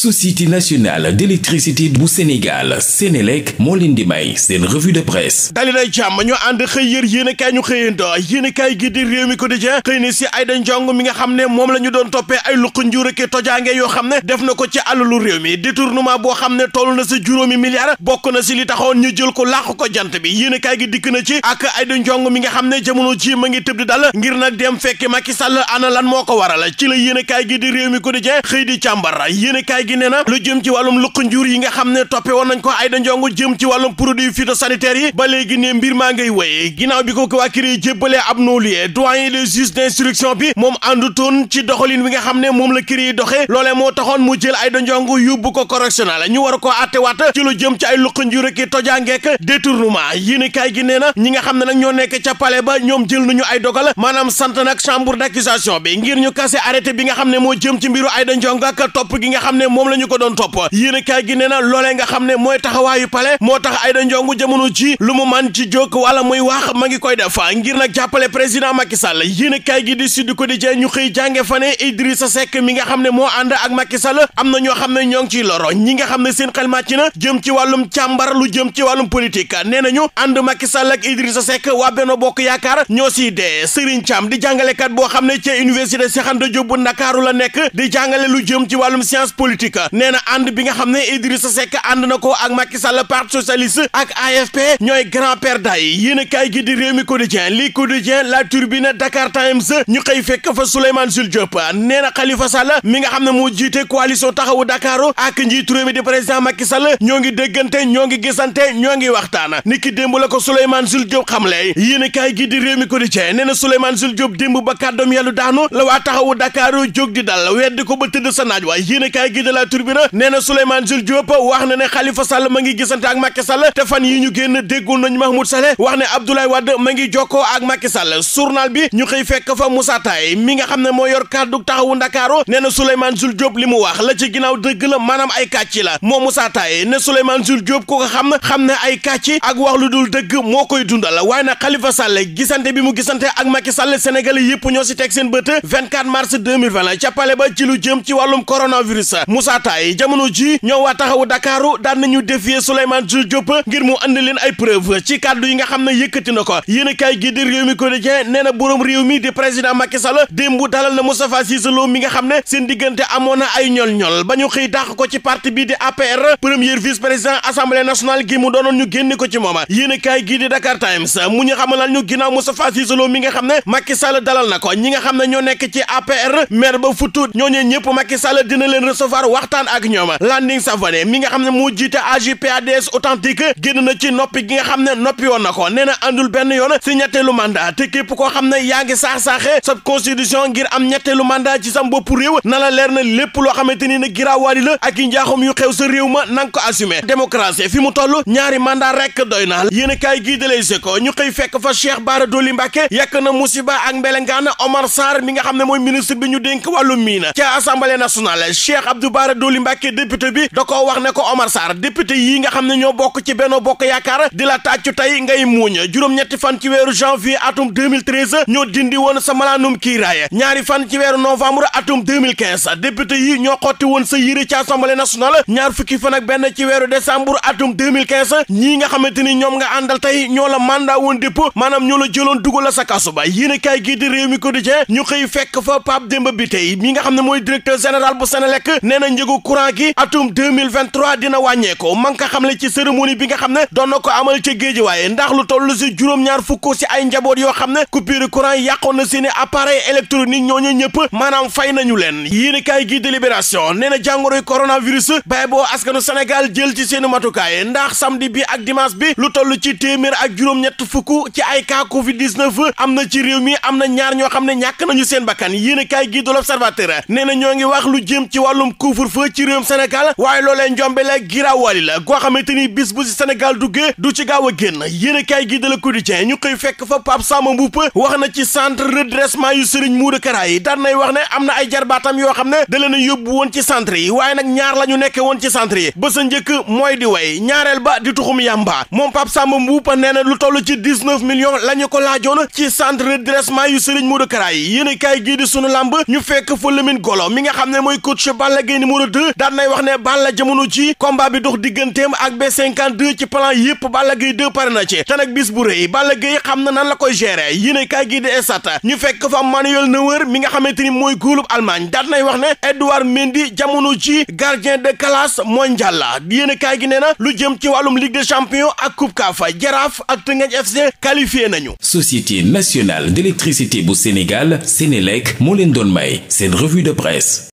société nationale d'électricité bu Sénégal Sénélec moo leen di may seen revue de presse dali na jàmm ñu ànd xëy yër yéenekaay ñu xëyando yéenekaay gi di réew mi quotidien xëy na si Aïda Ndiong mi nga xam ne moom la ñu doon toppee ay luq njuurake tojaange yoo xam ne def na ko ci àllalu réew mi détournement boo xam ne toll na si juróomi milliards bokk na si li taxoon ñu jël ko làq ko jant bi yéenekaay gi dikk na ci ak Aïda Ndiong mi nga xam ne jamono ji ma ngi tëb di dal ngir nag dem fekki Macky Sall ana lan moo ko waral ci la yéenekaay gi di réew mi quotidien xëy di càmbar yéenekaay gi nee na lu jëm ci wàllum lukk njuur yi nga xam ne toppe woon nañ ko Aïda Ndiongue jëm ci wàllum produit phytosanitaire yi ba léegi ne mbir maa ngay wéy ginnaaw bi ko ko waa CREI jébbalee ab noolie doyen des juges d'instruction bi moom àndutoon ci doxalin wi nga xam ne moom la CREI doxee loolee moo taxoon mu jël Aïda Ndiongue bu ko correctionnel ñu war koo attewaat ci lu jëm ci ay lukk njuur ak tojaangeek détournement yéenekaay gi nee na ñi nga xam ne nag ñoo nekk ca ba ñoom jël nañu ay dogal maanaam sant nag chambre d'accusation bi ngir ñu kase bi nga xam ne moo jëm ci mbiru moom la ñu ko doon topp yéenekaay gi nee na loolee nga xam ne mooy taxawaayu pale moo tax Aïda Ndiongue jamono ji lu mu man ci jóg wala muy wax ma ngi koy def ngir nag jàppale président Macky Sall yéenekaay gi di Sud Quotidien ñu xëy jànge fa ne sa sekk mi nga xam ne moo ànd ak Macky Sall am na ñoo xam ne ñoo ngi ciy loro ñi nga xam ne seen xel màcc na jëm ci wàllum càmbar lu jëm ci wàllum politique nee nañu ànd Macky Sall ak Idrissa Seck waa Benno Bokk Yaakaar ñoo siy dee Serigne Thiam di jàngalekat boo xam ne ci université Cheikh Anta bu Ndakaaru la nekk di jàngale lu jëm ci wàllum science politique République nee na ànd bi nga xam ne Idrissa Seck ànd na ko ak Macky Sall parti socialiste ak AFP ñooy grand père day yéen a kaay gi di Rewmi Quotidien li Quotidien La Tribune Dakar Times ñu xëy fekk fa Souleymane Jules Diop nee na Khalifa mi nga xam ne moo jiite coalition taxawu Dakar ak njiitu réew mi di président Macky Sall ñoo ngi déggante ñoo ngi gisante ñoo ngi waxtaan ni ki démb la ko Souleymane Jules Diop xamle yéen a kaay gi di Rewmi Quotidien nee na Souleymane Jules Diop démb ba kàddoom yàllu daanu la waa taxawu a la Tribune nee na Souleymane Jules Diop wax na ne Khalifa Sall ma ngi gisante ak Macky Sall te fan yi ñu génn déggoon nañu Mahmoud Saleh wax ne Abdoulaye Wade ma ngi jokko ak Macky Sall bi ñu xëy fekk fa Moussa Taye mi nga xam ne moo yor kàddu taxawu Ndakaaru nee na Souleymane Jules Diop li mu wax la ci ginnaaw dëgg la maanaam ay kàcci la moo Moussa Taye ne Souleymane Jules Diop ku ko xam xam ne ay kàcci ak wax lu dul dëgg moo koy dundal waaye nag Khalifa Sall gisante bi mu gisante ak Macky Sall sénégalais yëpp ñoo si teg seen bët 24 mars 2020 ca pale ba ci lu jëm ci wàllum coronavirus Moussa Taye jamono ji ñoom waa taxawu Dakaaru daan nañu défier Souleymane Diop ngir mu andi leen ay preuve ci kàddu yi nga xam ne yëkkati na ko yéen a kaay gi di réew mi quotidien nee na boroom réew mi di président dalal na Moustapha Cissé Lo mi nga xam ne seen diggante amoon na ay ñol-ñol ba ñu xëy dàq ko ci parti bi di APR premier vice président assemblée nationale gi mu ñu génne ko ci mooma yéen a kaay gi di mu ñu xamalal ñu ginnaaw mi nga xam ne Macky Sall dalal na ko ñi nga xam ne ñoo nekk ci APR maire ba waxtaan ak ñoom Landing Savané mi nga xam ne moo jiite AJ/PADS authentique génn na ci noppi gi nga xam ne noppi woon na ko nee na àndul benn yoon si ñetteelu mandat te képp koo xam ne yaa ngi saax-saaxe sa constitution ngir am ñetteelu mandat ci sam bopp réew na la leer na lépp loo xamante ni ne giraawaali la ak i njaaxum yu xew sa réew ma na nga ko assumer démocratie fi mu toll ñaari mandat rek doy na yéen a kaay gii dalee si ko ñu xëy fekk fa Cheikh Bara Doli Mbacké yàq na musiba ak mbelengaan Omar Sarr mi nga xam ne mooy ministre bi ñu dénk wàllu miina ca assemblée nationale Cheikh Abdou Bara Bara Dolly Mbacké député bi da koo wax ne ko Omar Sarr député yi nga xam ne ñoo bokk ci Benno Bokk Yaakaar di la tàccu tey ngay muuñ juróom-ñetti fan ci weeru janvier atum 2013 ñoo dindi woon sa malaanum kiiraay ñaari fan ci weeru novembre atum 2015 député yi ñoo xotti woon sa yére ci Assemblée nationale ñaar fukki fan benn ci weeru décembre atum 2015 ñii nga xamante ni ñoom nga àndal tey ñoo la mandat woon dépôt maanaam ñoo la jëloon dugal la sa kaso ba yéen a kaay gii di réew mi quotidien ñu xëy fekk fa Pape bi tey mi nga xam ne mooy directeur général bu Senelec nee na njëgu courant gi atum 2023 dina wàññeekoo man ka xam le ci cérémonie bi nga xam ne doon na ko amal ci géej waaye ndax lu toll si juróom-ñaar fukk si ay njaboot yoo xam ne coupure courant yàqoon na seeni appareil électronique ñooñu ñëpp maanaam fay nañu leen yéen kaay gi délibération nee na jàngoroy coronavirus bay boo askanu Sénégal jël ci seeni matukaay ndax samedi bi ak dimanche bi lu toll ci téeméer ak juróom-ñett fukk ci ay cas covid 19 am na ci réew mi am na ñaar ñoo xam ne ñàkk nañu seen bakkan yéen kaay gi de nee na ñoo ngi lu jëm ci wàllum couvre couvre-feu ci réewum Sénégal waaye loolee njombe la giraawali la goo xamante ni bis bu si Sénégal duggee du ci gaaw a génn yéen a kaay gi de la quotidien ñu koy fekk fa Pape Samba Mboup wax na ci centre redressement yu Serigne Moura Kara yi daan nay wax ne am na ay jarbaatam yoo xam ne da leen a yóbbu woon ci centre yi waaye nag ñaar la ñu nekke woon ci centre yi ba sa njëkk mooy di way ñaareel ba di tuxum yàmba moom Pape Samba Mboup nee lu toll ci dix-neuf millions la ko laajoon ci centre redressement yu Serigne Moura Kara yi yéen a kaay gii di sunu làmb ñu fekk fa Lamine mi nga xam ne mooy coach Balla Gaye numéro 2 daan nay wax ne Balla jamono ci combat bi dox digganteem ak B52 ci plan yëpp Balla Gaye 2 pare na ci te nag bis bu rëy Balla Gaye xam na nan la koy gérer yéene kaay gii di esat ñu fekk fa Manuel Neuer mi nga xamante ni mooy góolub Allemagne daan nay wax ne Edouard Mendy jamono ci gardien de classe mondial la yéene kaay gi nee na lu jëm ci wàllum Ligue des champions ak Coupe CAF Jaraaf ak Teungueth FC qualifié nañu. Société nationale d'électricité bu Sénégal Sénélec moo leen doon may seen revue de presse.